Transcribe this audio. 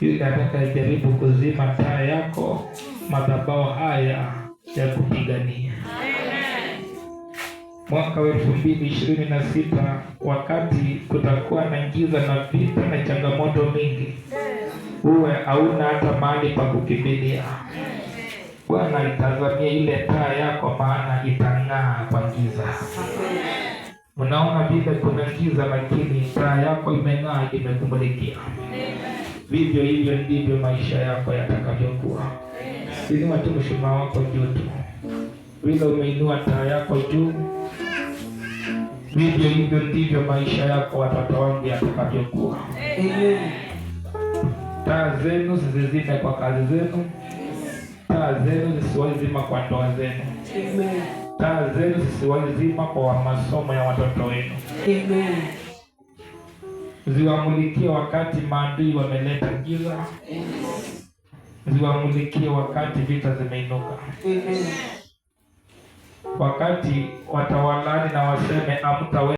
yule atakayejaribu kuzima taa yako, madhabahu haya ya kupigania mwaka wa elfu mbili ishirini na sita wakati kutakuwa na giza na vita na changamoto mingi, uwe hauna hata mahali pa kukimbilia. Bwana itazamia ile taa yako, maana itang'aa kwa giza. mnaona vile kuna giza, lakini taa yako imeng'aa, imekumulikia vivyo hivyo ndivyo maisha yako yatakavyokuwa. Inua tu mshumaa wako juu tu vile umeinua taa yako juu, vivyo hivyo ndivyo maisha yako watoto wangu yatakavyokuwa. Taa zenu zisizime kwa kazi zenu, taa zenu zisiwazima kwa ndoa zenu, taa zenu zisiwazima kwa masomo ya watoto wenu. Amen ziwamulikie wakati maadui wameleta giza, ziwamulikie wakati vita zimeinuka, wakati watawalani na waseme amtawe